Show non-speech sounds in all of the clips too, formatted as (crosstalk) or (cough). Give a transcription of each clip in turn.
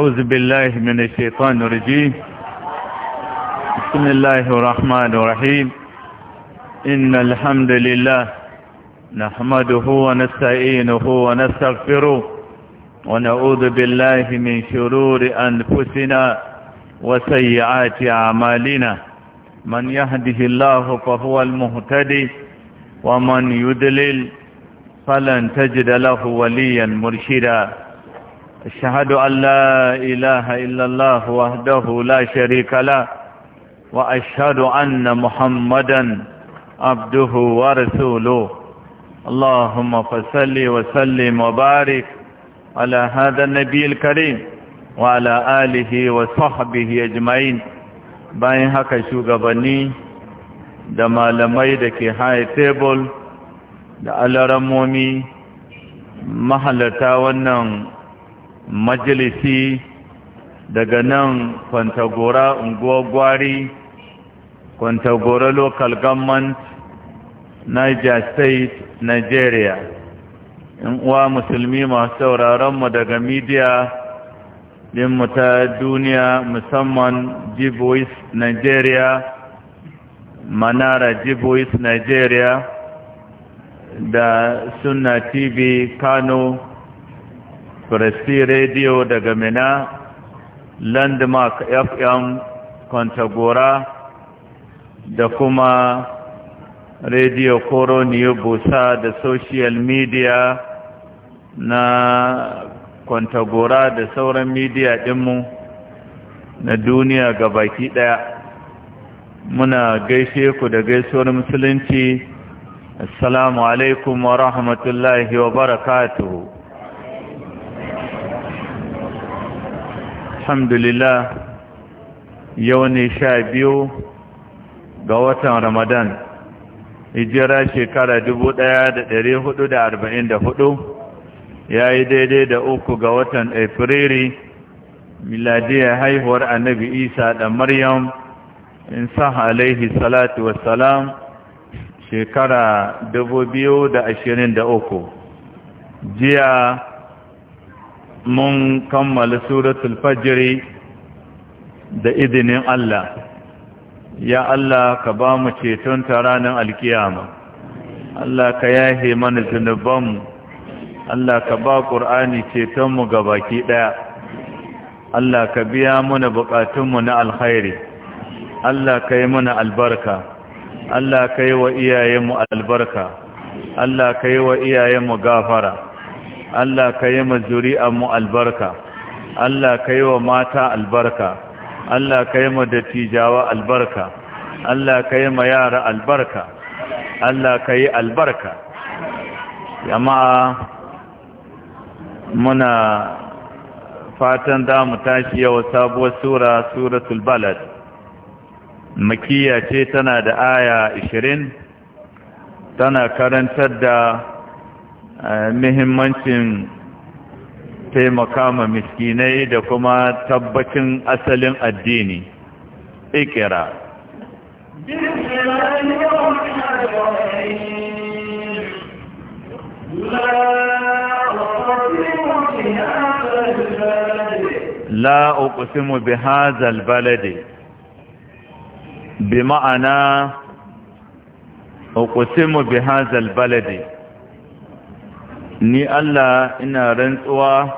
أعوذ بالله من الشيطان الرجيم بسم الله الرحمن الرحيم إن الحمد لله نحمده ونستعينه ونستغفره ونعوذ بالله من شرور أنفسنا وسيئات أعمالنا من يهده الله فهو المهتدي ومن يدلل فلن تجد له وليا مرشدا أشهد أن لا إله إلا الله وحده لا شريك له وأشهد أن محمدا عبده ورسوله اللهم فصل وسلم وبارك على هذا النبي الكريم وعلى آله وصحبه أجمعين bayan haka shugabanni da malamai da ke high table da alaramomi mahalarta wannan majalisi daga nan kwantagora unguwa-gwari kwantagora local government niger state nigeria in uwa musulmi masu sauraronmu daga media dinmu ta duniya musamman jibois nigeria manara jibois nigeria da sunna tv kano presti radio daga mina landmark fm kwantagora da kuma radio koro busa da social media na kwantagora da sauran media dinmu na duniya ga baki ɗaya muna gaishe ku da gaisuwar musulunci assalamu alaikum wa rahmatullahi wa barakatuhu alhamdulillah yau ne sha biyu ga watan ramadan hijira shekara hudu ya yi daidai da uku ga watan afiriri miladiyar haihuwar annabi isa da maryam in san alaihi salatu wassalam shekara uku jiya mun kammala suratul fajiri da izinin Allah ya Allah ka ba mu ceton ta alkiyama Allah ka yahe mana zunubanmu Allah ka ba ƙur'ani cetonmu ga baki ɗaya Allah ka biya mana buƙatunmu na alkhairi Allah ka yi mana albarka Allah ka yi wa iyayenmu albarka Allah ka yi wa iyayenmu gafara Allah ka yi mu albarka Allah ka yi wa mata albarka Allah ka yi ma dattijawa albarka Allah ka yi ma yara albarka Allah ka yi albarka jama'a muna fatan da mu tashi yau sabuwar sura suratul balad makiya ce tana da aya 20 tana karantar da Eh, muhimmancin taimakama miskinai da kuma tabbacin asalin addini ikira لا أقسم بهذا البلد بمعنى أقسم بهذا البلد uqsimu ni Allah ina rantsuwa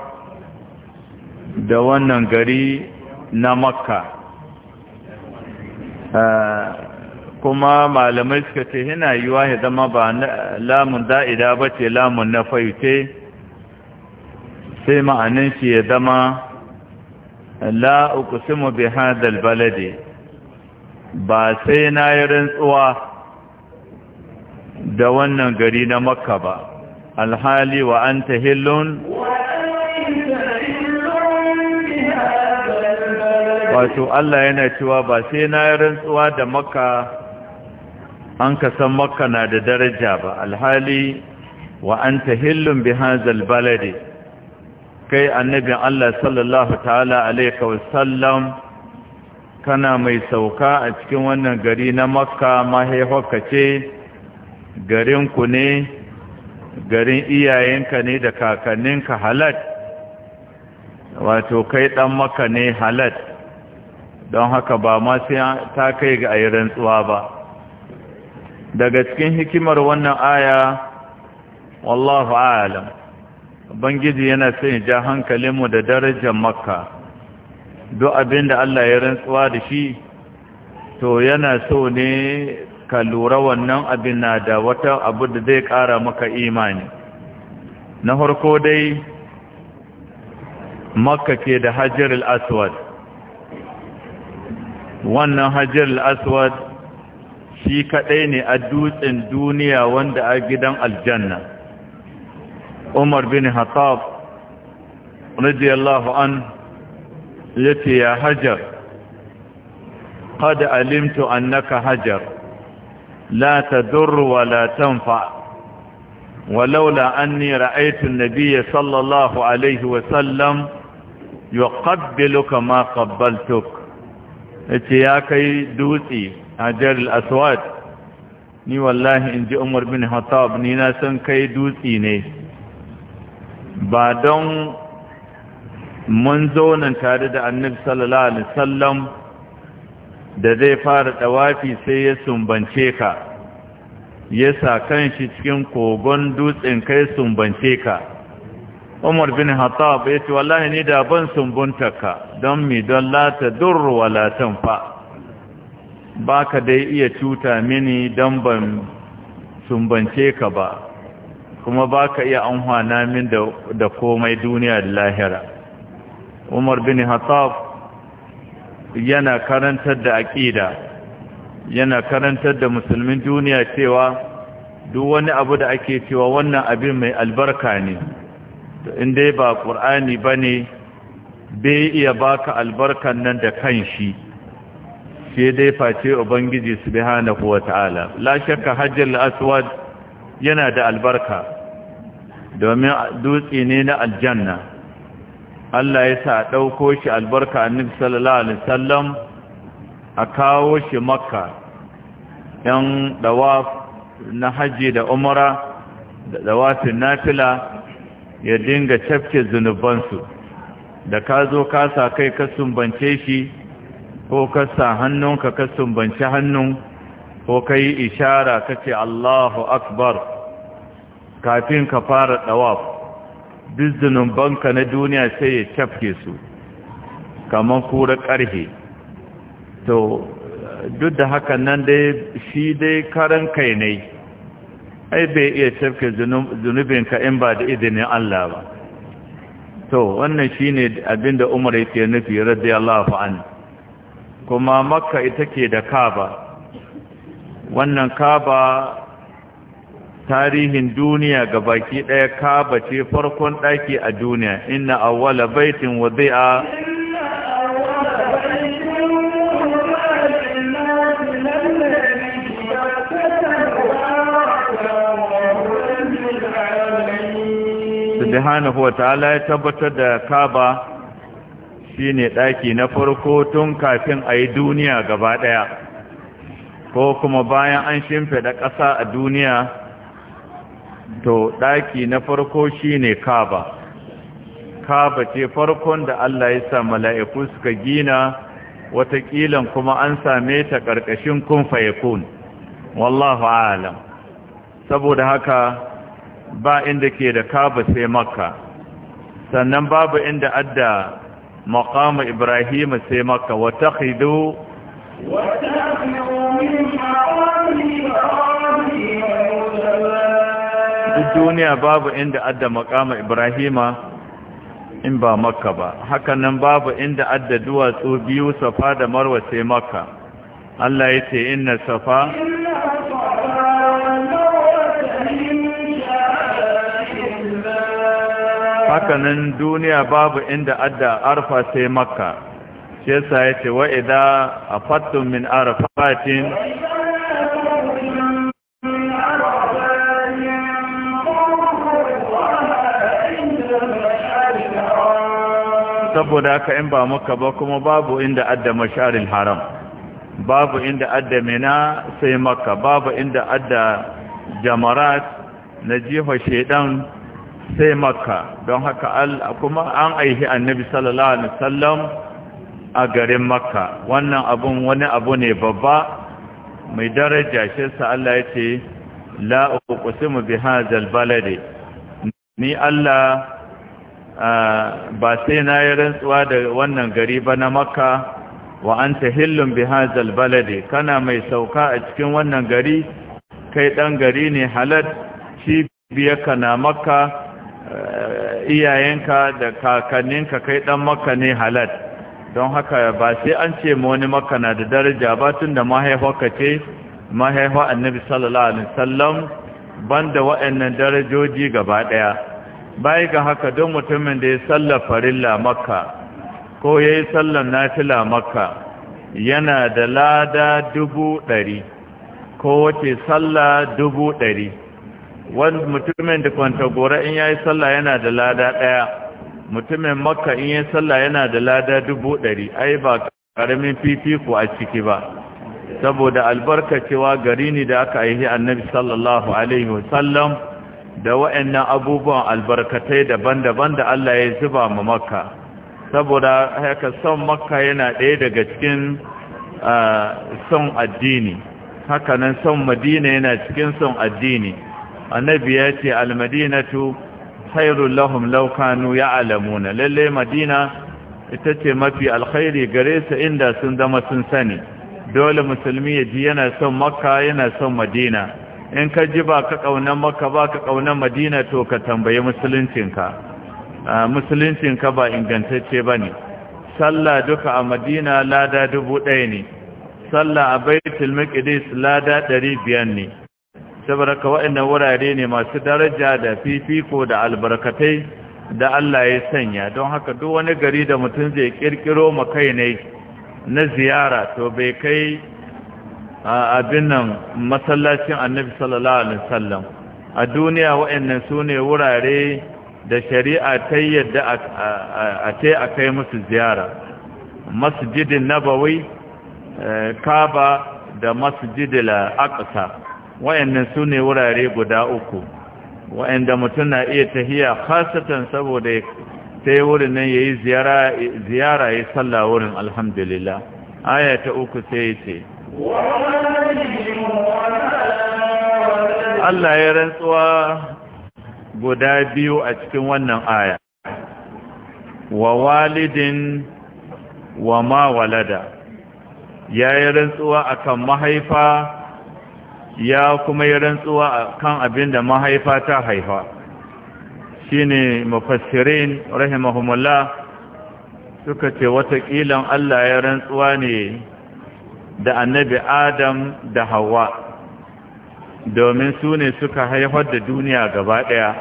da wannan gari na makka ah, kuma malamai suka ce yana yiwa ya zama ba lamun da'ida ba ce lamun na fayuce sai ma'anin shi ya zama la mu bi hadal balade ba sai na yi rantsuwa da wannan gari na makka ba alhali wa an ta hillun wato Allah yana cewa ba sai na rantsuwa da maka an ka san makka na da daraja ba alhali wa an ta hillun bi balade kai annabin Allah sallallahu ta'ala alaika kana mai sauka a cikin wannan gari na makka mahaifarka ce garinku ne garin iyayenka ne da kakanninka halat wato kai dan maka ne halat don haka ba ma sai ta kai ga ayi rantsuwa ba daga cikin hikimar wannan aya wallahu alam bangiji yana son ja hankalinmu da darajar makka duk abinda Allah ya rantsuwa da shi to yana so ne ka lura wannan abin na da wata abu da zai ƙara maka imani na harko dai makka ke da hajjar aswad wannan hajjar aswad shi kaɗai ne a dutsen duniya wanda a gidan aljanna umar bin hatab radiyallahu an yace ya hajar qad alimtu annaka hajar لا تضر ولا تنفع ولولا أني رأيت النبي صلى الله عليه وسلم يقبلك ما قبلتك اتياكي دوتي هجر الأسوات ni wallahi in ji umar bin hatab ni na san kai dutsi ne ba don mun zaunan tare da annabi sallallahu da zai fara ɗawafi sai ya sumbance ka ya sa kan shi cikin kogon dutsen kai sumbance ka umar bin hattab ya ce wallahi ni da ban sumbunta ka don mi don lata dur wala fa. ba ka dai iya cuta mini don ban sumbance ka ba kuma ba ka iya amfana min da komai duniya da lahira umar bin hattab yana karantar da aƙida yana karantar da musulmin duniya cewa duk wani abu da ake cewa wannan abin mai albarka ne in dai ba ƙur'ani ba ne bai iya baka albarkan nan da kan shi sai dai face ubangiji subhanahu wata'ala la shakka hajjal aswad yana da albarka domin dutse ne na aljanna Allah ya sa ɗauko shi albarka annabi sallallahu alaihi sallam a kawo shi makka ɗan ɗawaf na hajji da umara da ɗawafin nafila ya dinga cafke zunubansu da ka zo kasa kai ka sumbance shi ko ka sa hannunka ka sumbance hannun ko ka yi ishara ka ce Allahu Akbar kafin ka fara ɗawaf duk zunubanka na duniya sai ya cafke su kamar kura ƙarfe to duk da haka nan dai shi dai karan kai ne ai bai iya cafke zunubinka in ba da izinin Allah ba to wannan shi ne abinda umar yake nufi radiyallahu an kuma makka ita ke da kaba wannan kaba tarihin duniya ga baki ɗaya kaba ce farkon ɗaki a duniya inna awwala baitin wadi'a subhanahu wataala ya tabbatar da kaba shine ɗaki na farko tun kafin a yi duniya gaba ɗaya ko kuma bayan an shimfe da ƙasa a duniya to ɗaki na farko shine kaba kaba ce farkon da Allah ya sa mala'iku suka gina wataƙila kuma an same ta ƙarƙashin kun fayakun wallahu alam saboda haka ba inda ke da kaba sai makka sannan babu inda adda maqama ibrahim sai makka wa takhidu wa duk duniya babu inda adda makama ibrahima in ba makka ba hakanan babu inda adda duwatsu biyu safa da marwa sai makka Allah ya ce inna safa hakanan duniya babu inda adda arfa sai makka shi yasa ya ce wa idza afattum min arfatin saboda haka in ba maka ba kuma babu inda adda masharil haram babu inda adda mina sai maka babu inda adda jamarat na jiha shedan sai maka don haka kuma an aihi annabi sallallahu alaihi sallam, a garin makka wannan abun wani abu ne babba mai daraja shi sa Allah ya ce la uqsimu bi baladi ni Allah ba sai na yi rantsuwa da wannan gari ba na makka wa an ta hillun bi balade kana mai sauka a cikin wannan gari kai ɗan gari ne halar ka na makka eh, iyayenka da kakanninka kai ɗan makka ne halar don haka ba sai an ce ma wani makka na da daraja ba tun da mahaifarka ce mahaifa annabi sallallahu alaihi wasallam banda waɗannan darajoji gaba ɗaya bai ga haka don mutumin da ya salla farilla makka ko ya yi sallan nafila makka yana da lada dubu ɗari ko wace salla dubu ɗari wani mutumin da gora in ya yi salla yana da lada ɗaya mutumin makka in ya yi salla yana da lada dubu ɗari ai ba ƙaramin fifiko a ciki ba saboda albarkacewa gari ne da aka yi annabi sallallahu alaihi wasallam da wa'annan abubuwan albarkatai daban-daban da Allah ya zuba ma makka saboda haka son makka yana ɗaya daga cikin son addini hakanan son madina yana cikin son addini annabi ya ce almadinatu khairul lahum law kanu ya'lamuna lalle madina ita ce mafi alkhairi gare su inda sun zama sun sani dole musulmi ya ji yana son makka yana son madina in ka ji ba ka ƙaunar maka ba ka ƙaunar madina to ka tambaye musuluncinka ah, musuluncinka ba ingantacce ba ne sallah duka a madina lada dubu ɗaya ne sallah a baitul maqdis lada ɗari biyar ne saboda ka waɗannan wurare ne masu daraja da fifiko da albarkatai da Allah ya sanya don haka duk wani gari da mutum zai ma makai ne na ziyara to bai kai abin nan masallacin annabi sallallahu alaihi wasallam a duniya waɗannan su ne wurare da shari'a ta yadda a ce a kai musu ziyara masjidin nabawi eh, kaba da masjidil aqsa waɗannan su wurare guda uku waɗanda mutum na iya tahiya khasatan saboda sai wurin nan yayi ziyara ziyara yayi sallah wurin alhamdulillah aya ta uku sai ce Allah ya rantsuwa guda biyu a cikin wannan aya wa walidin wa ma walada ya yi rantsuwa a kan mahaifa ya kuma yi rantsuwa a kan abin da mahaifa ta haifa shine mafassirin rahimahumullah suka ce watakilan Allah ya rantsuwa ne da annabi adam da hawa domin su ne suka haifar da duniya gaba ɗaya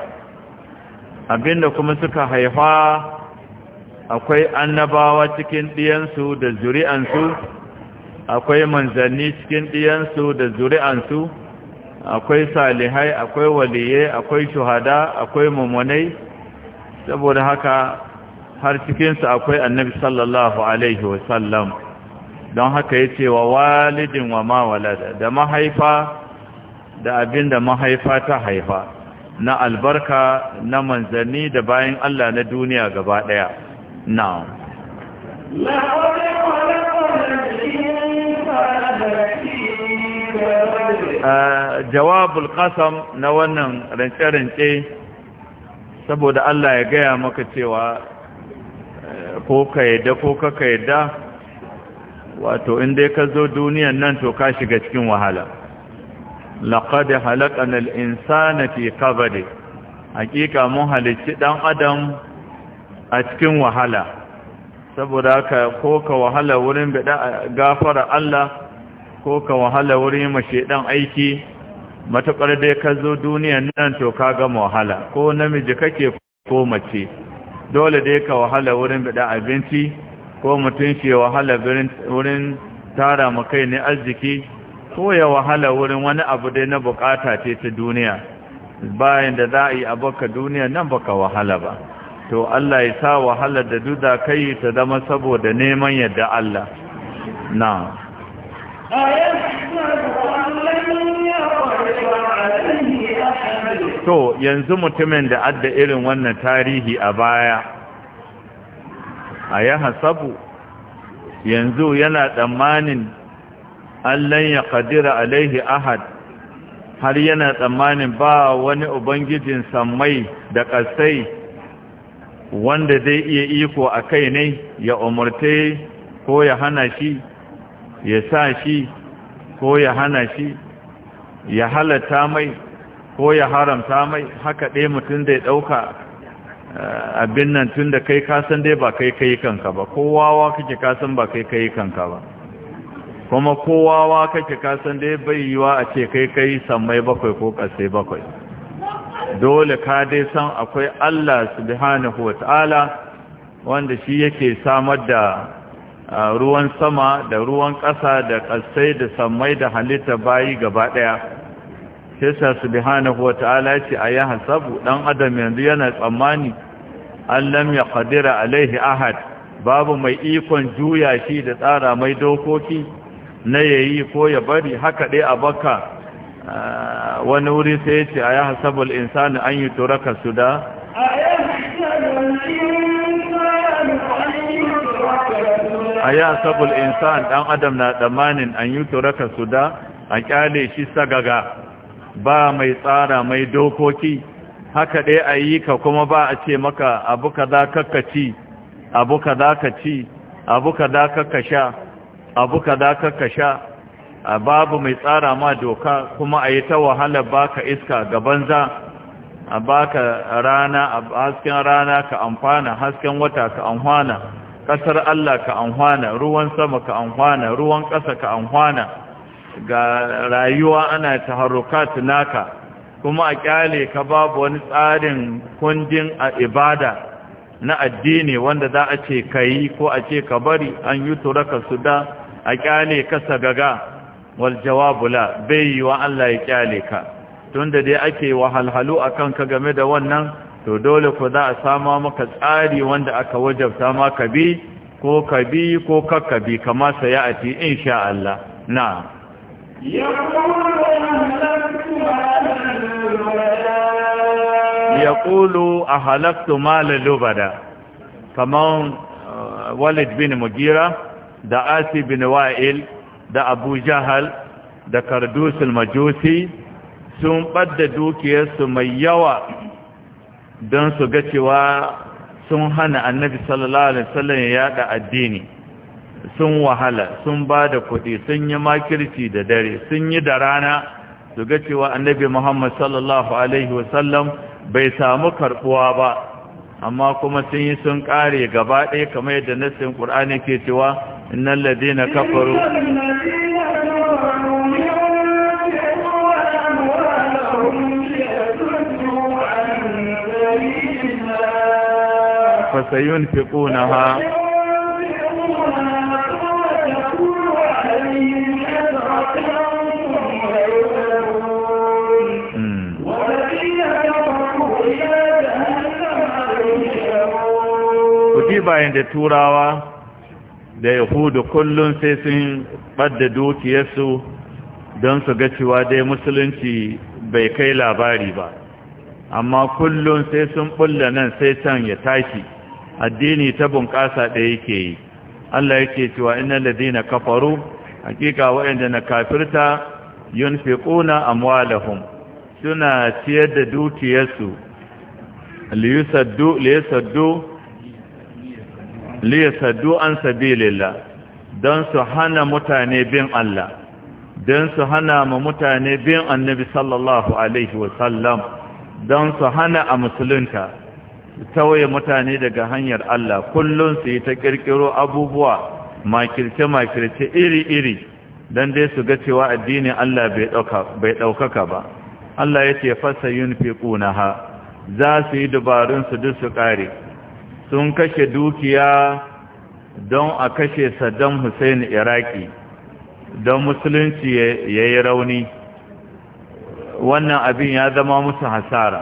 abinda kuma suka haifa akwai annabawa cikin ɗiyansu da zuri'ansu akwai manzanni cikin ɗiyansu da zuri'ansu akwai salihai akwai waliye akwai shuhada akwai mummunai saboda haka har cikinsu akwai annabi sallallahu alaihi wasallam don haka ya ce wa walidin wa ma da mahaifa da abin da mahaifa ta haifa na albarka na manzanni da bayan Allah na duniya gaba ɗaya na jawabul kasam na wannan rance-rance saboda Allah ya gaya maka cewa eh, ko ka yadda ko ka yadda wato in dai ka zo duniyan nan to ka shiga cikin wahala laqad halaqana al-insana fi kabari. hakika mun halicci ɗan adam a cikin wahala saboda ka ko ka wahala wurin bida gafara Allah ko ka wahala wurin mashedan aiki matakar dai ka zo duniyan nan to ka gama wahala ko namiji kake ko mace dole dai ka wahala wurin bida abinci ko mutum ya wahala wurin tara kai ne arziki ko ya wahala wurin wani abu dai na bukata ce ta duniya bayan da za a yi abokan duniya nan baka wahala ba to Allah ya sa wahala da da kai ta zama saboda neman yadda Allah na to yanzu mutumin da adda irin wannan tarihi a baya a ya hasabu yanzu yana tsammanin allan ya kadira alaihi ahad har yana tsammanin ba wani ubangijin sammai da ƙasai wanda zai iya iko a kai ne ya umarta ko ya hana shi ya sa shi ko ya hana shi ya halatta mai ko ya haramta mai haka ɗaya mutum zai ɗauka abin nan tun da kai kasan dai ba kai kai kanka ba kowawa kake kasan ba kai kai kanka ba kuma kowawa kake kasan dai bai yiwa a ce kai kai sammai bakwai ko kasai bakwai dole ka dai san akwai Allah subhanahu wa ta'ala wanda shi yake samar da ruwan sama da ruwan ƙasa da kasai da samai da halitta bayi gaba ɗaya sai subhanahu wata'ala ce a ya hasabu dan adam yanzu yana tsammani an lam ya qadira alaihi ahad babu mai ikon juya shi da tsara mai dokoki na yayi ko ya bari haka dai a baka ah, wani wuri sai ya ce a hasabul insani an yi turaka su da hasabul insani dan adam na tsammanin an yi turaka su a kyale shi sagaga ba mai tsara mai dokoki haka dai a yi ka kuma ba a ce maka abu ka ka ci, abu ka ka ci, abu ka ka sha, abu ka kaza a babu mai tsara ma doka kuma a yi ta wahalar ka iska ga banza a ka rana a hasken rana ka amfana hasken wata ka amfana ƙasar Allah ka amfana ruwan sama ka amfana ruwan ƙasa ka amfana ga rayuwa ana ta harukat naka kuma a kyale ka babu wani tsarin kundin a ibada na addini wanda za a ce ka yi ko a ce ka bari an yi turaka su da a kyale ka sagaga wal jawabula bai yi wa Allah ya kyale ka tunda dai ake wahalhalu a kanka game da wannan to dole ku za a sama maka tsari wanda aka wajabta ma ka bi ko ka bi ko kakka bi kama sa a ati insha Allah na'am ya ƙulu a halaktu malin lubada kamar walid bin mugira da asi bin wa'il da abu jahal da kardusul majusi sun ɓadda dukiyarsu mai yawa don su ga cewa sun hana annabi sallallahu alaihi wasallam ya yada addini sun wahala sun ba da kuɗi sun yi makirci da dare sun yi da rana su ga cewa annabi muhammad sallallahu alaihi wasallam bai samu karbuwa ba amma kuma sun yi sun kare gaba ɗaya kamar yadda nassin ƙur'ani ke cewa innal ladina kafaru fasayun fiƙunaha bayan da turawa da yahudu kullum sai sun ɓadda dukiyarsu don su ga cewa dai musulunci bai kai labari ba amma kullum sai sun ɓulla nan sai can ya tashi addini ta bunƙasa ɗaya yake yi Allah yake cewa ina ladina kafaru hakika waɗanda na kafirta ƙuna amwalahun suna ciyar da dukiyarsu liyusaddu liyusaddu liyasaddu du'an sabilila don su hana mutane bin Allah don su hana ma mutane bin annabi sallallahu alaihi wasallam don su hana a musulunta tawaye mutane daga hanyar Allah kullum su yi ta kirkiro abubuwa makirce-makirce iri-iri don dai su ga cewa addinin Allah bai ɗaukaka ba Allah ya ce fasa yin fi ƙunaha za su yi su duk su ƙare sun kashe dukiya don a kashe saddam hussein iraki don musulunci ya yi rauni wannan abin ya zama musu hasara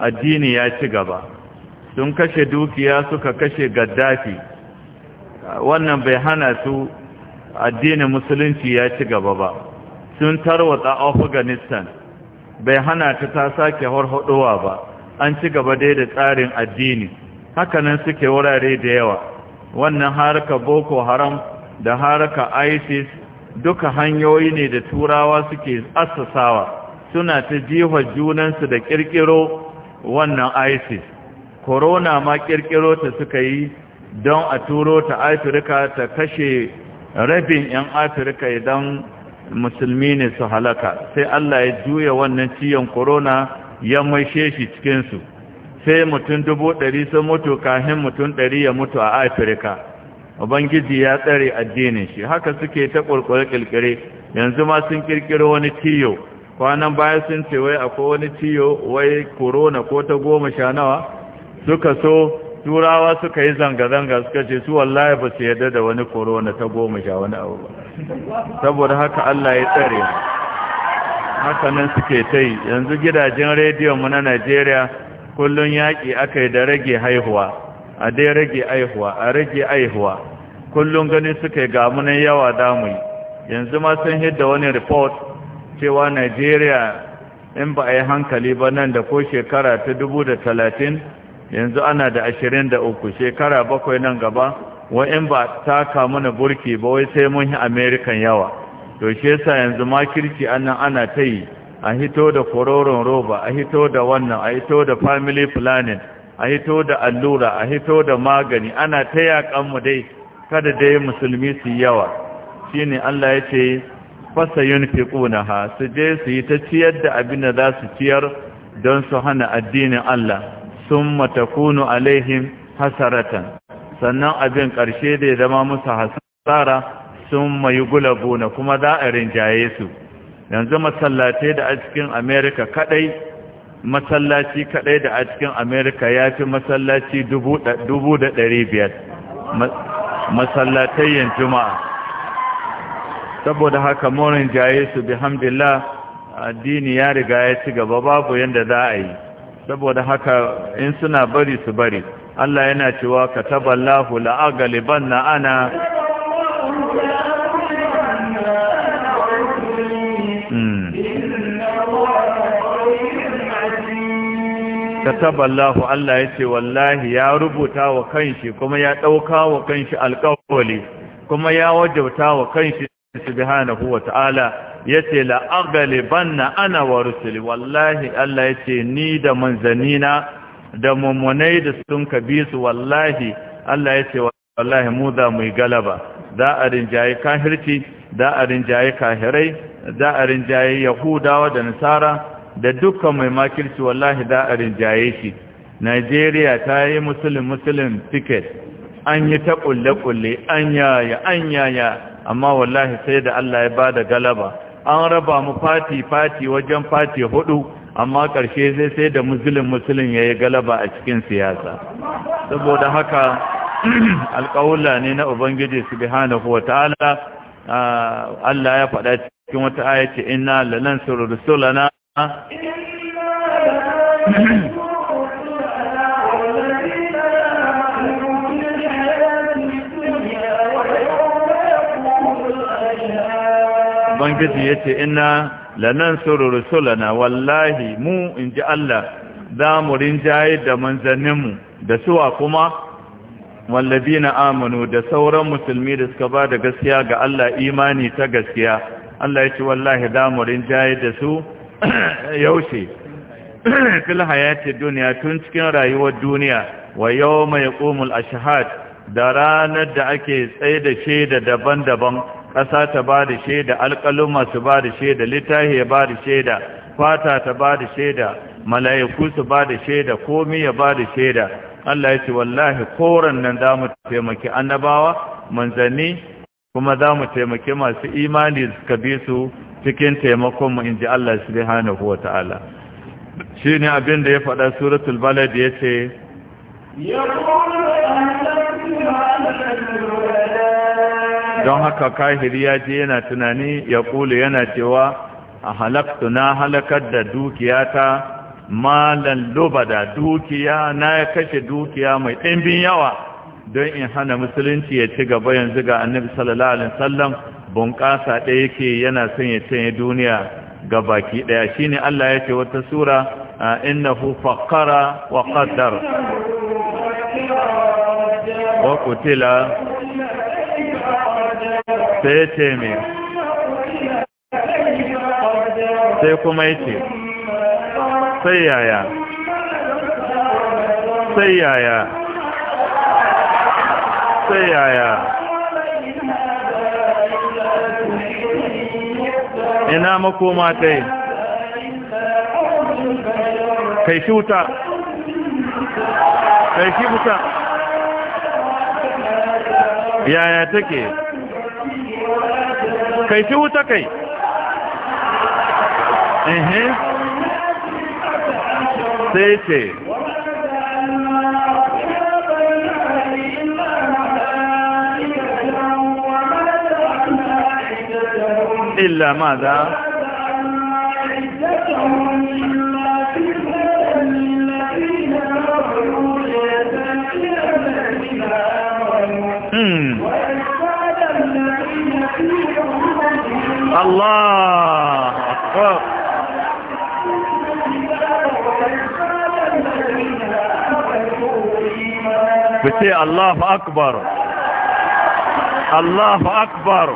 addini ya ci gaba sun kashe dukiya suka kashe gaddafi wannan bai hana su addinin musulunci ya ci gaba ba sun tarwatsa afghanistan bai hana ta ta sake harhaɗowa ba an ci gaba dai da tsarin addini hakanan suke wurare da yawa wannan haraka boko haram da haraka isis duka hanyoyi ne da turawa suke assasawa suna ta jiwa junansu da kirkiro wannan isis corona ma kirkiro ta suka yi don a turo ta afirka ta kashe rabin 'yan afirka idan musulmi ne su halaka sai allah ya juya wannan ciyon corona ya maishe shi cikinsu sai mutum dubu ɗari sun mutu kahin mutum ɗari ya mutu a afirka ubangiji ya tsare addinin shi haka suke ta ƙulƙular ƙirƙire yanzu ma sun ƙirƙiro wani tiyo kwanan baya sun ce wai akwai wani tiyo wai korona ko ta goma sha nawa suka so turawa suka yi zanga-zanga suka ce su wallahi ba su yarda da wani korona ta goma sha wani abu ba saboda haka Allah ya tsare haka nan suke ta yi yanzu gidajen rediyon mu na Najeriya Kullum yaƙi aka yi da rage haihuwa a dai rage haihuwa a rage haihuwa kullum gani suka yi gamunan yawa damu yanzu ma sun hidda wani report cewa nigeria in ba a yi hankali ba nan da ko shekara ta dubu talatin yanzu ana da ashirin da uku shekara bakwai nan gaba wa in ba taka mana burki ba wai sai mun yi amerikan yawa to shi yasa yanzu kirki anan ana ta yi a hito da kororon roba a hito da wannan a hito da family planning a hito da allura a hito da magani ana ta yaƙanmu dai kada dai musulmi su yawa shi ne Allah ya ce fasa yin ha su je su yi ta ciyar da abin da za su ciyar don su hana addinin Allah sun matakunu alaihim hasaratan sannan abin ƙarshe da ya zama musu hasara sun mayu gulabuna kuma za a rinjaye su yanzu masallatai da a cikin amerika kadai masallaci kadai da a cikin amerika ya fi masallaci biyar. yin juma'a saboda haka morin jaye su bihamdillah addini ya riga ya ci gaba babu yadda za a yi saboda haka in suna bari su bari Allah yana cewa kataballahu galiban na ana kataballahu Allah ya ce wallahi ya rubuta wa kanshi kuma ya ɗauka wa kanshi alƙawali kuma ya wajauta wa kanshi subhanahu wa ta'ala ya ce la'agalibanna ana wa rusuli wallahi Allah ya ce ni da manzanina da mummunai da sun kabi su wallahi Allah ya ce wallahi mu za mu yi galaba za a rinjaye kahirci za a rinjaye kahirai za a rinjaye yahudawa da nasara da dukkan mai makirci wallahi za a rinjaye shi Najeriya ta yi musulun musulun ticket an yi ta kulle-kulle an yaya an yaya amma wallahi sai da Allah ya bada galaba an raba mu fati-fati wajen fati hudu amma karshe zai sai da musulun musulun ya yi galaba a cikin siyasa saboda haka (clears throat) alƙawula ne na ubangiji subhanahu wa ta'ala ah, Allah ya faɗa cikin wata ayyace inna lalansu rusulana bangiji ya ce, Ina lanan sururu sulana, wallahi mu in ji Allah za mu rinjaye da manzanninmu da suwa kuma wallabi na amunu da sauran musulmi da suka ba da gaskiya ga Allah imani ta gaskiya. Allah ya ce, Wallahi za mu rinjaye da su (clears throat) yaushe (clears throat) fil hayati duniya tun cikin rayuwar duniya wa yawma yaqumul ashhad da ranar da ake tsaye da shaida daban-daban ƙasa ta ba da shaida alƙaluma su ba da shaida littafi ya ba da shaida fata ta ba da shaida mala'iku su ba da shaida komi ya ba da shaida Allah ya ce wallahi koran nan za mu taimaki annabawa manzanni kuma za mu taimaki masu imani suka bi cikin taimakon mu ji Allah subhanahu Shi ne abin da ya faɗa suratul balad ya ce don haka kahiri ya je yana tunani ya ƙulu yana cewa a halakta na halakar da dukiyata malan da dukiya na ya kashe dukiya mai ɗimbin yawa don in hana musulunci ya ci gaba yanzu ga annabi sallallahu alaihi wasallam bunƙasa ɗaya yake yana son ya canye duniya ga baki ɗaya shi ne Allah ya ce wata sura hu faƙara wa ƙaddar wa qutila sai ce mai sai kuma yaya sai yaya sai yaya sai yaya ina makoma ta yi kai shi wuta kai shi wuta yaya take kai shi wuta kai sai ce إلا ماذا hmm. الله أكبر بتي الله أكبر الله أكبر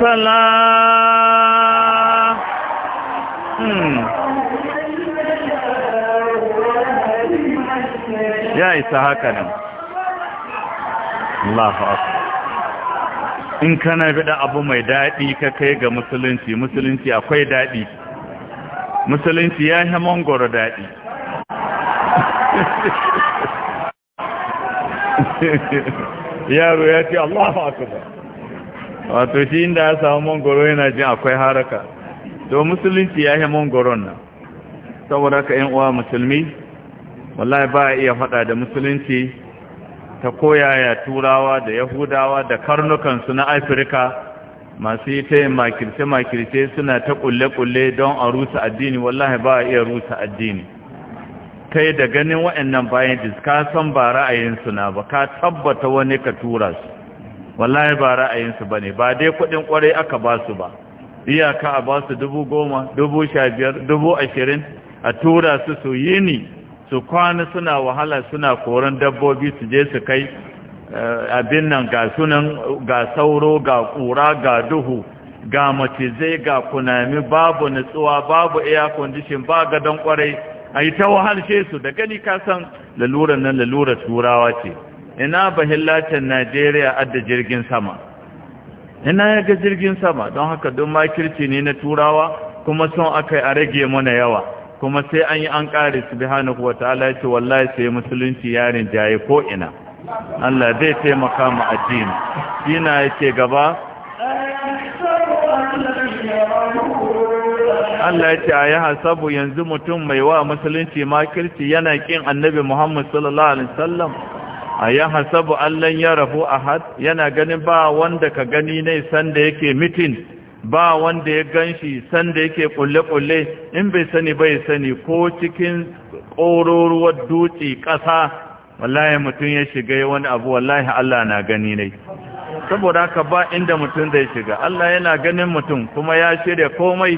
فلا hmm. ya isa haka nan Allah in kana bida abu mai daɗi ka kai ga musulunci musulunci akwai daɗi musulunci ya yi mangoro daɗi (laughs) yaro ya ce Allah akubar wato shi inda ya samu mangoro yana jin akwai haraka to musulunci ya yi mongoron nan saboda ka yin uwa musulmi wallahi ba iya fada da musulunci ta koyaya turawa da yahudawa da karnukansu na afirka masu yi ta yin makirce-makirce suna ta kulle-kulle don a rusa addini wallahi ba iya rusa addini kai da ganin waɗannan bayan diska san ba ra'ayinsu na ba ka tabbata wani ka tura su wallahi ba ra'ayinsu ba ne ba dai kudin kwarai aka ba su ba iyaka a ba su dubu goma dubu sha biyar dubu ashirin a tura su su yi ni su kwana suna wahala suna koran dabbobi su je su kai eh, abin nan ga sunan ga sauro ga kura ga duhu ga macizai ga kunami babu nutsuwa babu air condition ba gadon kwarai a yi ta wahalshe su da gani kasan lalurar nan lalurar turawa ce ina bahillacin najeriya adda jirgin sama ina ya ga jirgin sama don haka don makirci ne na turawa kuma son aka yi a rage mana yawa kuma sai an yi an ƙare su bi hannu kuwa ta'ala ce wallahi sai musulunci yarin jaye ko ina Allah zai taimaka mu addini shina ce gaba Allah ya ce a yi hasabu yanzu mutum mai wa musulunci makirci yana ƙin annabi Muhammad sallallahu Alaihi wasallam a ya hasabu allon ya rafu ahad yana ganin ba wanda ka gani ne sanda yake mitin ba wanda ya ganshi sanda yake kulle-kulle in bai sani bai sani ko cikin ƙororuwar dutse ƙasa wallahi mutum ya shiga wani abu wallahi Allah na gani ne saboda haka ba inda mutum zai shiga Allah yana ganin mutum kuma ya shirya komai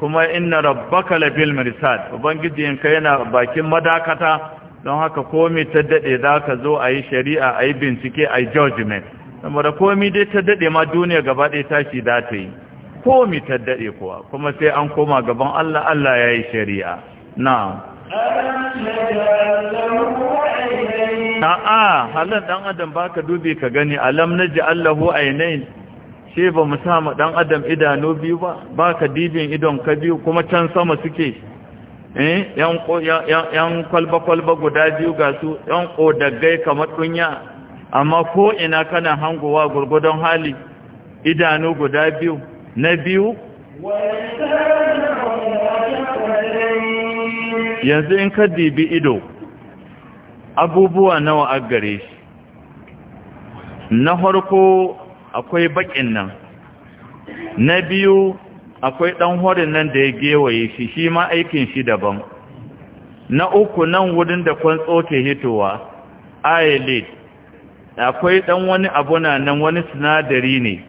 kuma inna rabbaka labil mirsad ubangijinka yana bakin madakata don haka komi ta daɗe za ka zo a yi shari'a a yi bincike a yi judgment saboda komi dai ta daɗe ma duniya gaba ɗaya tashi za ta yi komi ta daɗe kuwa kuma sai an koma gaban Allah Allah ya yi shari'a na a'a halin ɗan adam ba ka dubi ka gani alam na ji Allahu ainihin shi ba mu ma ɗan adam idanu biyu ba ba ka dibin idon ka biyu kuma can sama suke Eh, yan kwalba-kwalba guda biyu ga su yan ƙodaggai kamar ɗunya amma ko ina kana hangowa gurgudun hali idanu guda biyu na biyu yanzu in ka dibi ido abubuwa nawa a gare shi na harko akwai baƙin nan na biyu akwai ɗan horin nan da ya gewaye shi shi ma aikin shi daban na uku nan wurin da kwan ke hitowa eyelid akwai ɗan wani abuna nan wani sinadari ne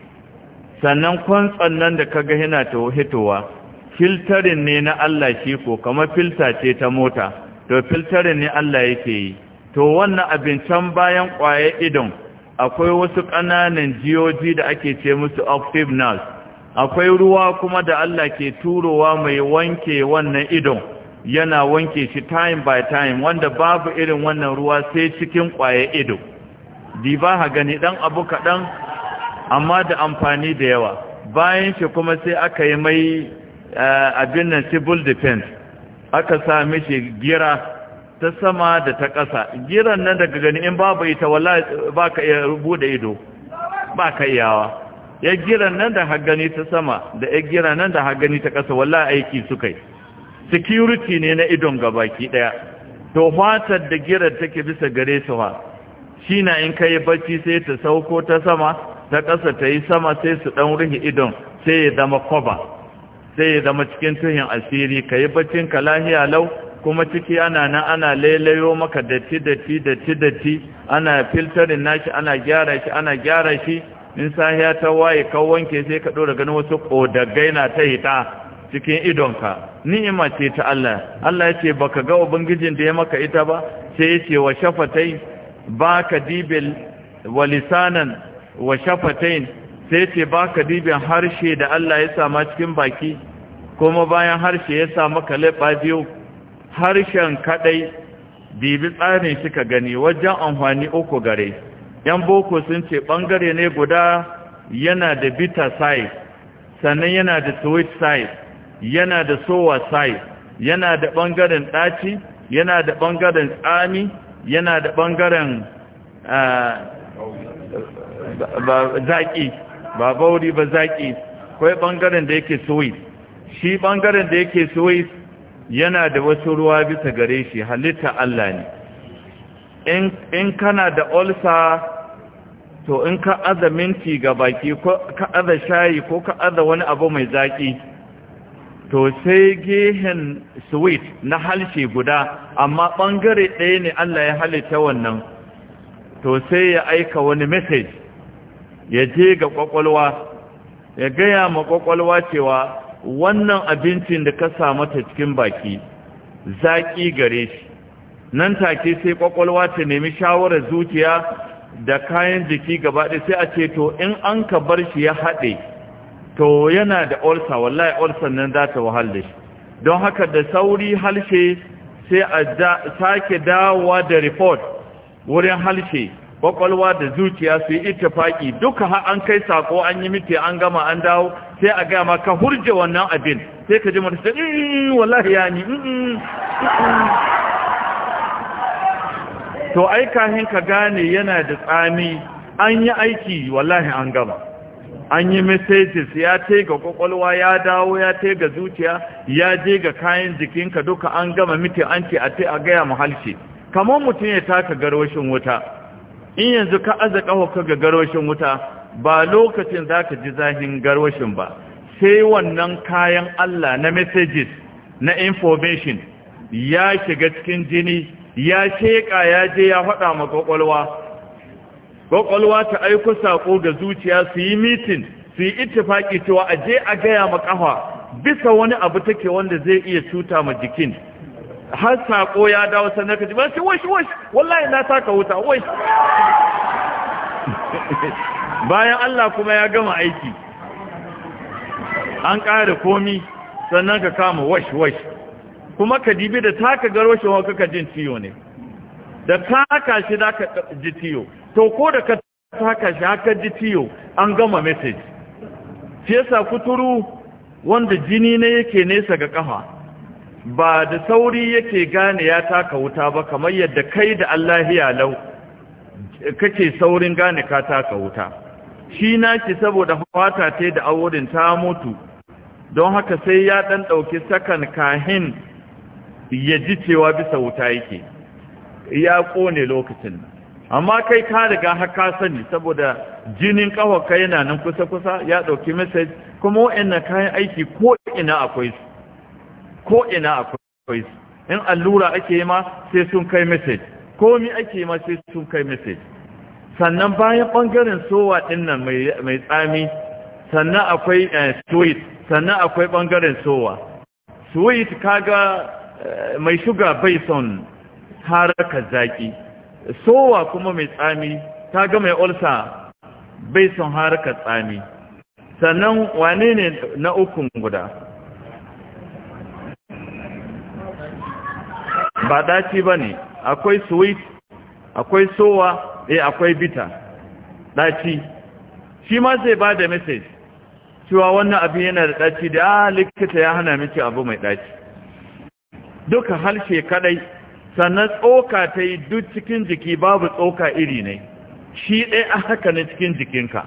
sannan kwantson nan da kaga yana ta hitowa filtarin ne na Allah shi ko kama filta ce ta mota to filtarin ne Allah yake yi to wannan abincin bayan ƙwaye idon akwai wasu ƙananan jiyoji da ake ce musu octave nerves akwai ruwa kuma da Allah ke turowa mai wanke wannan idon yana wanke shi time by time wanda babu irin wannan ruwa sai cikin kwaye ido diba ha gani dan abu kadan amma da amfani da yawa bayan shi kuma sai aka yi mai eh, abin nan civil defense aka sa mishi gira ta sama da ta ƙasa giran nan daga gani in babu ita wallahi eh, baka iya bude ido baka iyawa yaggiran nan da hagani ta sama da yaggiran nan da hagani ta ƙasa walla aiki suka yi security ne na idon gabaki ɗaya to fatar da girar take bisa gare su ha shi na in ka yi bacci sai ta sauko ta sama ta ƙasa ta yi sama sai su ɗan rufe idon sai ya zama kwaba sai ya zama cikin tuhin asiri ka yi baccin ka lahiya lau kuma ciki ana nan ana lailayo maka datti datti datti datti ana filtarin nashi ana gyara shi ana gyara shi in sahiya ta waye ka wanke sai ka ɗora ganin wasu kodagai na ta hita cikin idonka ni'ima ce ta Allah Allah ya ce baka ga ubangijin da ya maka ita ba sai ya ce wa shafatai baka dibil wa lisanan wa shafatain sai ya ce baka dibin harshe da Allah ya sama cikin baki kuma bayan harshe ya sama maka leɓa biyu harshen kadai dibi tsarin shi ka gani wajen amfani uku gare yan boko sun ce bangare ne guda yana da bitter side sannan yana da sweet side yana da sour side yana da bangaren daci yana da bangaren tsami yana da bangaren ah, zaki ba bauri ba zaki kawai bangaren da yake sweet shi bangaren da yake sweet yana da wasu ruwa bisa gare shi halitta Allah ne in kana da ulcer to in ka aza minti ga baki ko ka aza shayi ko ka aza wani abu mai zaki to sai gehen sweet na halshe guda amma bangare ɗaya ne Allah ya halitta wannan to sai ya aika wani message ya je ga kwakwalwa ya gaya ma kwakwalwa cewa wannan abincin da ka samu ta cikin baki zaƙi gare shi nan take sai kwakwalwa ta nemi shawarar zuciya da kayan jiki gaba ɗaya sai a ce to in an ka bar shi ya haɗe to yana da olsa wallahi olsa nan za ta wahal shi don haka da sauri halshe sai a sake dawowa da report wurin halshe kwakwalwa da zuciya su yi ittifaki duka har an kai sako an yi miti an gama an dawo sai a gama ka hurje wannan abin sai ka ji mutu sai mm, mm, mm, wallahi ya ni to ai kahin ka gane yana da tsami an yi aiki wallahi an gama an yi messages ya ce ga kwakwalwa ya dawo ya ce ga zuciya ya je ga kayan jikinka duka an gama miti an ce a ce a gaya mu kamar mutum ya taka garwashin wuta in yanzu ka aza ka ga garwashin wuta ba lokacin za ka ji zahin garwashin ba sai wannan kayan Allah na messages na information ya shiga cikin jini ya sheƙa ya je ya faɗa ma ƙwaƙwalwa ƙwaƙwalwa ta aiko saƙo ga zuciya su yi mitin su yi ittifaƙi cewa a je a gaya ma ƙafa bisa wani abu take wanda zai iya cuta ma jikin har saƙo ya dawo sannan ka ji ba ce wash wallahi na taka wuta wash (laughs) bayan Allah kuma ya gama aiki an ƙara komi sannan ka kama wash wash kuma ka dibi da taka garo shi wanka ka jin ciwo ne da taka shi da ka ji ciwo to ko da ka taka shi haka ji ciwo an gama message shi yasa kuturu wanda jini ne yake nesa ga kafa ba da sauri yake gane ya taka wuta ba kamar yadda kai da Allah ya lau kake saurin gane ka taka wuta shi naki saboda fata ta da awurin ta mutu don haka sai ya dan dauki sakan kahin ya ji cewa bisa wuta yake ya kone lokacin amma kai ka riga har ka sani saboda jinin ka yana nan kusa-kusa ya ɗauki message kuma wa'annan kayan aiki ko ina akwai su ko ina akwai su in allura ake ma sai sun kai message komi ake ma sai sun kai message sannan bayan ɓangaren sowa ɗin nan mai tsami sannan akwai eh, sweet sannan akwai ɓangaren sowa sweet kaga Eh, mai shuga bai son haraka zaki sowa kuma mai tsami ta ga mai olsa bai son haraka tsami sannan wane ne na ukun guda ba daci ba ne akwai sweet akwai sowa e akwai bita daci shi ma zai bada da message cewa wannan abin yana da daci da ah, likita ya hana miki abu mai daci duka harshe kadai sannan tsoka ta yi duk cikin jiki babu tsoka iri ne shi ɗaya a haka ne cikin jikinka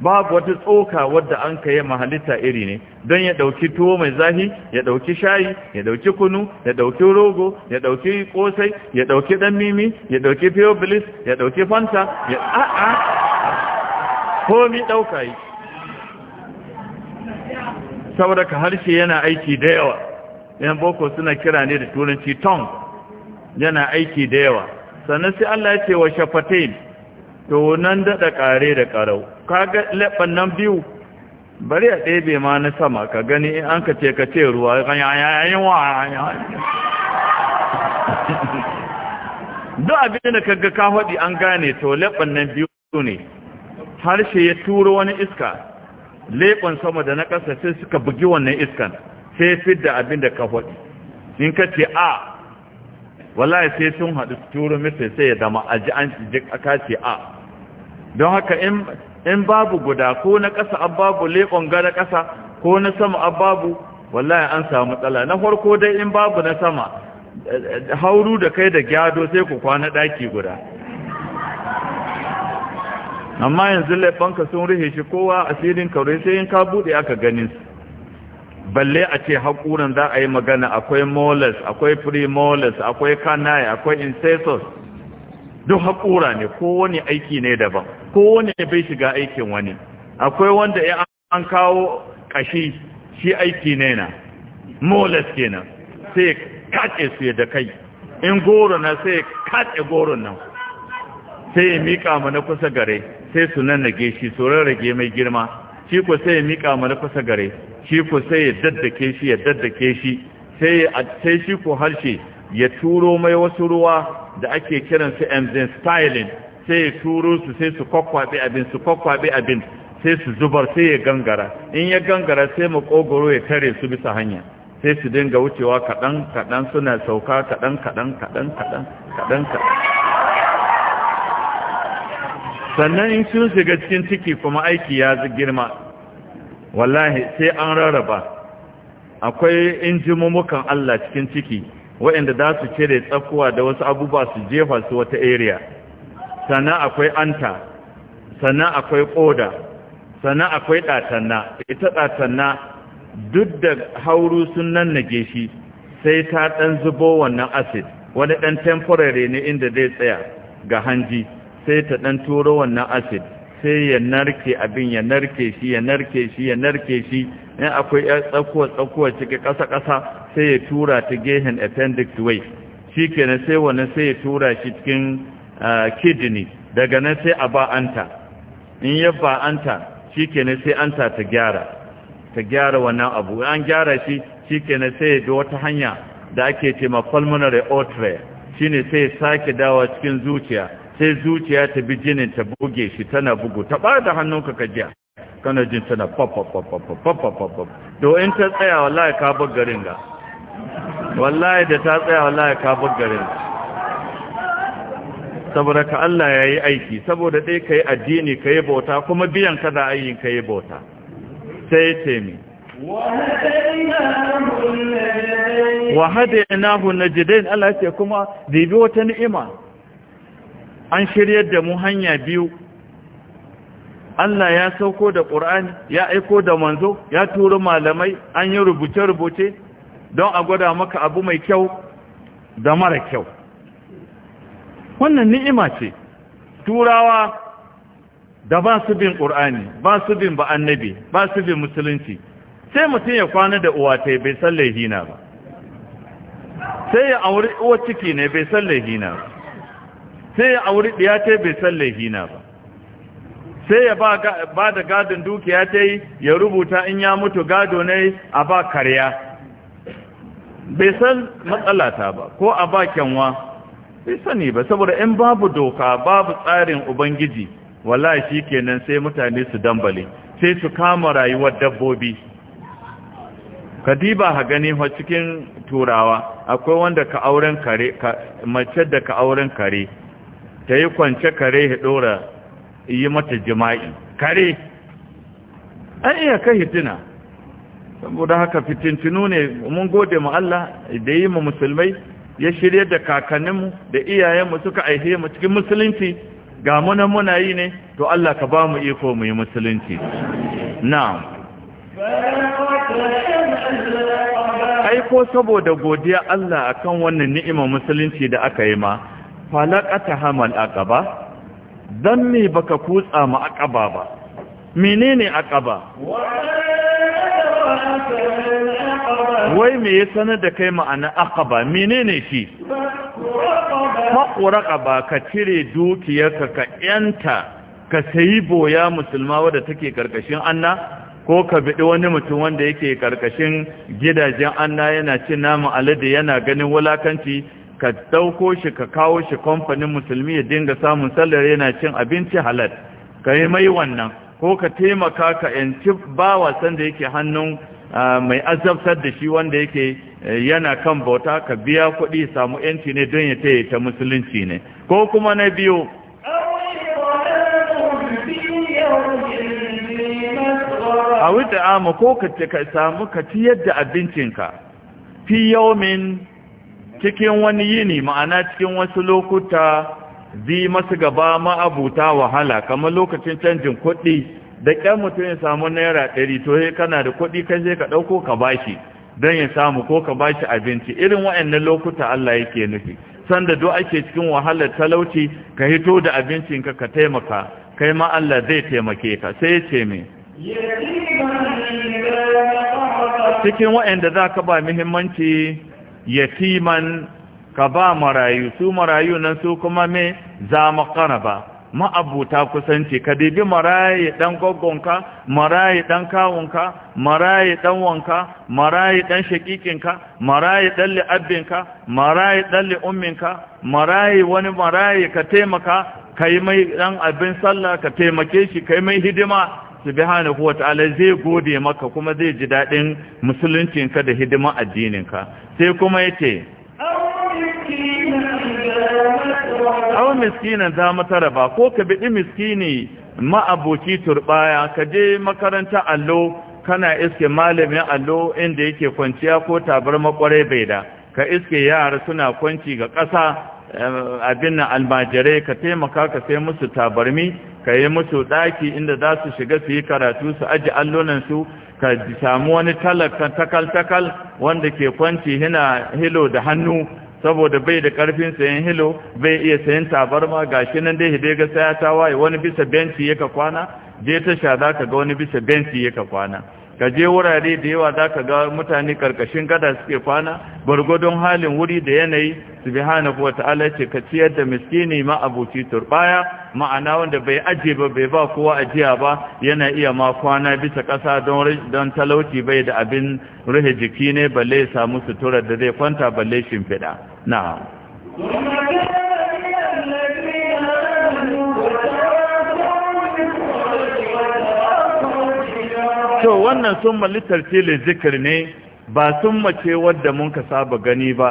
babu wata tsoka wadda an ka yi mahalitta iri ne don ya ɗauki tuwo mai zahi ya ɗauki shayi ya ɗauki kunu ya ɗauki rogo ya ɗauki ƙosai ya ɗauki ɗan mimi ya ɗauki fiobilis ya ɗauki fanta ya a'a komi ɗauka yi saboda ka harshe yana aiki da yawa yan boko suna kira ne da turanci tong yana aiki da yawa sannan sai Allah ya ce wa shafatain to nan daɗa kare da karau kaga laban nan biyu bari a ɗebe ma na sama ka gani in an ka ce ka ce ruwa ya, wa (laughs) duk abin da kaga ka faɗi an gane to laban nan biyu ne harshe ya turo wani iska leɓen sama da na ƙasa sai suka bugi wannan iskan sai da abin da ka faɗi in ka ce a wallahi sai sun haɗu turo mita sai ya zama aji an ji aka ce a don haka in babu guda ko na ƙasa an babu leƙon gara ƙasa ko na sama an babu wallahi an samu matsala na farko dai in babu na sama hauru da kai da gyado sai ku kwana ɗaki guda amma yanzu laifanka sun rihe shi kowa asirin kaure sai in ka buɗe aka ganin su balle a ce haƙunan za a yi magana akwai molars akwai premolars akwai kanai akwai incessors duk haƙura ne kowane aiki ne daban kowane bai shiga aikin wani akwai wanda ya an kawo ƙashi shi aiki ne na molars kenan sai kace su da kai in goro na sai kace goron nan sai ya miƙa mana kusa gare sai su nan nage shi su rarrage mai girma shi ko sai ya miƙa mana kusa gare shi ku sai ya daddake shi ya daddake shi sai sai shi ku harshe ya turo mai wasu ruwa da ake kiran su styling sai ya turo su sai su kwakwabe abin su kwakwabe abin sai su zubar sai ya gangara in ya gangara sai mu kogoro ya tare su bisa hanya sai su dinga wucewa kaɗan kaɗan suna sauka kadan kaɗan kaɗan kaɗan kaɗan kaɗan sannan in sun shiga cikin ciki kuma aiki ya girma wallahi sai an rarraba akwai injimumukan Allah cikin ciki waɗanda za su cire tsakuwa da wasu abubuwa su jefa su wata area sannan akwai anta sannan akwai ƙoda sannan akwai ɗatanna ita ɗatanna duk da hauru sun nannage shi sai ta ɗan zubo wannan acid wani ɗan temporary ne inda zai tsaya ga hanji sai ta ɗan turo wannan acid sai ya narke abin ya narke shi ya narke shi ya narke shi in akwai ya tsakuwa-tsakuwa cikin ƙasa-ƙasa sai ya tura ta gehen appendix way shi kenan sai wani sai ya tura shi cikin kidney daga nan sai a ba'anta in ya ba'anta shi kenan sai anta ta gyara ta gyara wannan abu an gyara shi shi kenan sai ya bi wata hanya da ake ce ma pulmonary artery shine sai ya sake dawa cikin zuciya sai zuciya ta bi jinin ta buge shi tana bugu ta ba da hannunka ka jiya kana jin tana papapapapapapapapap do in ta tsaya wallahi ka bar garin ga wallahi da ta tsaya wallahi ka bar garin saboda ka Allah ya yi aiki saboda dai ka yi addini ka yi bauta kuma biyan ka da ayin ka yi bauta sai ce mi wahada yana hun najidai Allah ce kuma zibi wata ni'ima an shiryar da mu hanya biyu Allah ya sauko da ƙur'ani ya aiko da manzo ya turo malamai an yi rubuce-rubuce don a gwada maka abu mai kyau da mara kyau wannan ni'ima ce turawa da ba su bin ƙur'ani ba su bin ba annabi ba su bin musulunci sai mutum ya kwana da uwatai bai san hina ba sai ya auri uwa ciki ne bai san hina ba sai ya auri ɗiya ta bai san laifina ba sai ya ba da gadon dukiya ta yi ya rubuta in ya mutu gado ne a ba karya bai san matsalata ba ko a ba kyanwa bai sani ba saboda in babu doka babu tsarin ubangiji wala shi kenan sai mutane su dambale sai su kama rayuwar dabbobi kadiba ha gani cikin turawa akwai wanda ka auren kare mace da ka auren kare ta yi kwance kare ya ɗora yi mata jima'i kare an iya ka hitina saboda haka fitintinu ne mun gode mu Allah da yi mu musulmai ya shirya da kakanninmu da iyayenmu suka aihe mu cikin musulunci ga munan muna yi ne to Allah ka ba mu iko mu yi musulunci na'am aiko saboda godiya Allah akan wannan ni'imar musulunci da aka yi ma falakata hamal aqaba dan ba baka kutsa ma aqaba ba menene aqaba wai me ya sanar da kai ma'ana aqaba menene shi faƙura ƙaba ka cire dukiyarka ka yanta ka sayi boya musulma wadda take karkashin anna ko ka biɗi wani mutum wanda yake ƙarƙashin gidajen anna yana cin naman alade yana ganin wulakanci ka dauko shi ka kawo shi kamfanin musulmi ya dinga samun sallar yana cin abinci halal ka yi mai wannan ko ka taimaka ka yanci ba wasan da yake hannun mai azabtar da shi wanda yake eh, yana kan bauta ka biya kuɗi samu yanci ne don ya taya ta musulunci ne ko kuma na biyu a wuta ama ko ka samu ka ciyar da abincinka fi yawmin cikin wani yini ma'ana cikin wasu lokuta zi masu gaba ma'abuta wahala kamar lokacin canjin kuɗi da ƙyan mutum ya samu naira ɗari to sai kana da kuɗi kai sai ka ɗauko ka bashi don ya samu ko ka bashi abinci irin wa'annan lokuta Allah yake nufi sanda do ake cikin wahalar talauci ka hito da abincin ka ka taimaka kai ma Allah zai taimake ka sai ya ce me cikin wa'anda za ka ba muhimmanci yatiman ka ba marayu su marayu nan su kuma me za ba ma'abuta kusanci ka dibi marayi dan gwaggonka marayi dan kawunka marayi dan wanka marayi dan shakikinka marayi dan li'abinka marayi dan li'umminka marayi wani marayi ka taimaka kai mai dan abin sallah ka taimake shi kai mai hidima subhanahu wata'ala zai gode maka kuma zai ji daɗin musuluncinka da hidima addininka sai kuma yace aw miskinan za mataraba ko ka ɗi miskini ma ma'aboki turbaya ka je makaranta allo kana iske malamin allo inda yake kwanciya ko tabar makwarai bai da ka iske yara suna kwanci ga ƙasa eh, abin nan almajirai ka taimaka ka sai musu tabarmi ka yi musu ɗaki inda za su shiga su yi karatu su aji allonansu ka samu wani talakan takal-takal wanda ke kwanci hina hilo da hannu saboda bai da ƙarfin sayan hilo bai iya sayan tabarma shi nan dai hide ga sayata waye wani bisa benci yaka kwana je tasha za ka ga wani bisa benci yaka kwana ka je wurare da yawa za ka ga mutane karkashin gada suke kwana gwargwadon halin wuri da yanayi su subhanahu ta'ala ce ka ciyar da miskini ma abuci turbaya ma'ana wanda bai ajiye ba bai ba kowa ajiya ba yana iya ma kwana bisa ƙasa don don talauci bai da abin rufe jiki ne balle ya samu sutura da zai kwanta balle shimfiɗa na'am to wannan sun malittar tile zikir ne ba sun mace wadda mun ka saba gani ba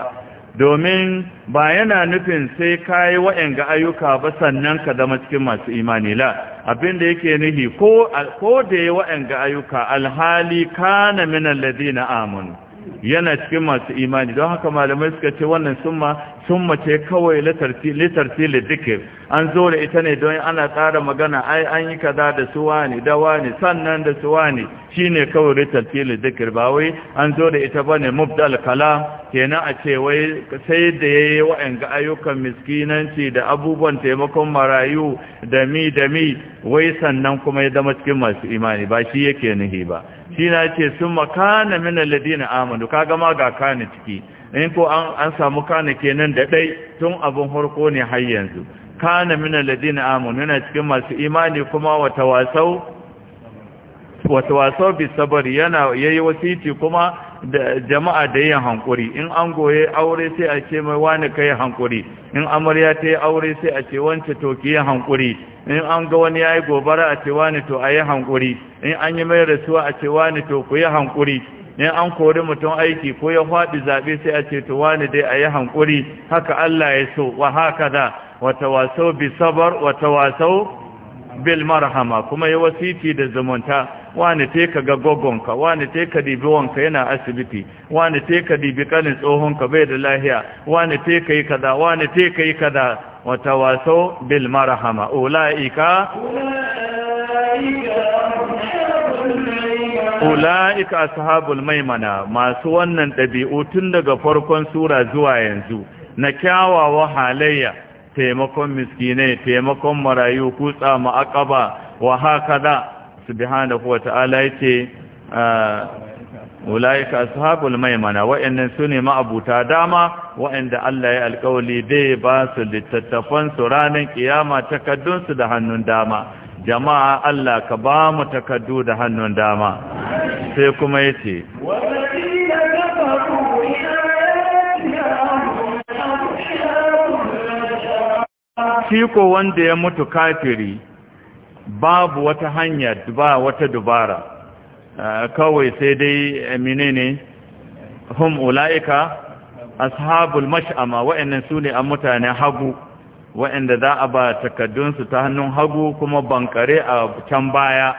domin ba yana nufin sai ka yi wa'yanga ayyuka ba sannan ka zama cikin masu imani la abinda yake nuhi ko da ya wa'yanga ayyuka alhali kana minan ladina amanu yana cikin masu imani don haka malamai suka ce wannan summa summa ce kawai le dikir an zo da ita ne don ana tsara magana ai an yi kaza da suwa ne da wani sannan da suwa ne shi ne kawai le dikir ba wai an zo da ita ba ne mubdal kala kenan a ce wai sai da ya yi ga ayyukan miskinanci da abubuwan taimakon marayu da mi da mi wai sannan kuma ya zama cikin masu imani ba shi yake nuhi ba shi na ce sun makana min Ladina amanu ka gama ga kane ciki in ko an samu kane kenan da dai tun abin harko ne har yanzu kane min Ladina amanu yana cikin masu imani kuma wata wasau wata wasau bi yana yayi wasiti kuma da jama'a da yin hankuri in an goye aure sai a ce mai wani ka yi hankuri in amarya ta yi aure sai a ce wance to ki hankuri in an ga wani yayi gobara a ce wani to a yi hankuri in an yi mai rasuwa a ce wani to ku yi hankuri in an kori mutum aiki ko ya faɗi zaɓe sai a ce to wani dai a yi hankuri haka Allah ya so wa haka da wata wasau bi sabar wata wasau bil marhama kuma ya wasiti da zumunta wani te ka ga gogonka wani te ka dibi wanka yana asibiti wani te ka dibi kanin tsohonka bai da lahiya wani te ka yi kada wani te ka yi kada wata waso bil marhama ula'ika ula'ika ashabul maimana masu wannan ɗabi'u tun daga farkon sura zuwa yanzu na kyawawa halayya taimakon miskinai taimakon marayu kutsa ma'aqaba wa hakada subhanahu wa ta'ala yace ah, ulaika ashabul maimana wa'annan sune ma'abuta dama wa'anda Allah ya alƙawli zai ba su littattafan su ranar kiyama takaddun su da hannun dama jama'a Allah ka ba mu takaddu da hannun dama sai kuma yace Fiko wanda ya mutu kafiri babu wata hanya ba wata dubara ah, kawai sai dai eh, ne, hum ula'ika ashabul mash'ama wa'annan su ne an mutane hagu wa'anda za a ba takaddunsu ta hannun hagu kuma bankare a can baya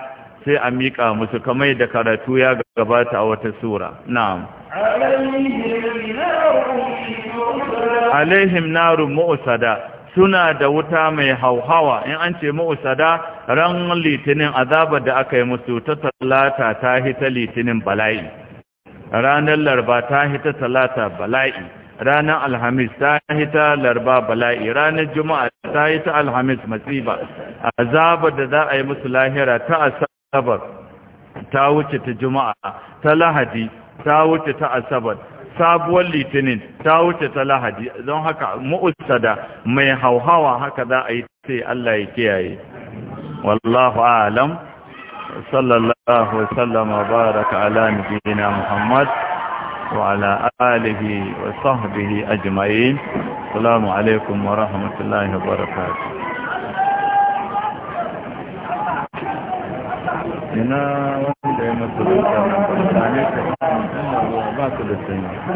sai a miƙa musu kamar da karatu ya gabata a wata sura na'am alaihim narun mu'usada suna da wuta mai hauhawa in an ce mu'usada ran litinin azaba da aka yi musu ta talata ta hita litinin bala'i ranar larba ta hita talata bala'i ranar alhamis ta hita larba bala'i ranar juma'a ta hita alhamis masiba azaba da za a yi musu lahira ta asabar ta wuce ta juma'a ta lahadi ta wuce ta asabar sabuwar litinin ta wuce ta lahadi don haka mu'ustada mai hauhawa haka za a yi sai Allah ya kiyaye wallahu alam sallallahu wa baraka ala nabiyina muhammad wa ala alihi wa sahbihi ajma'in assalamu alaikum wa ina wanda ya masu da tsanin ba su da tsanin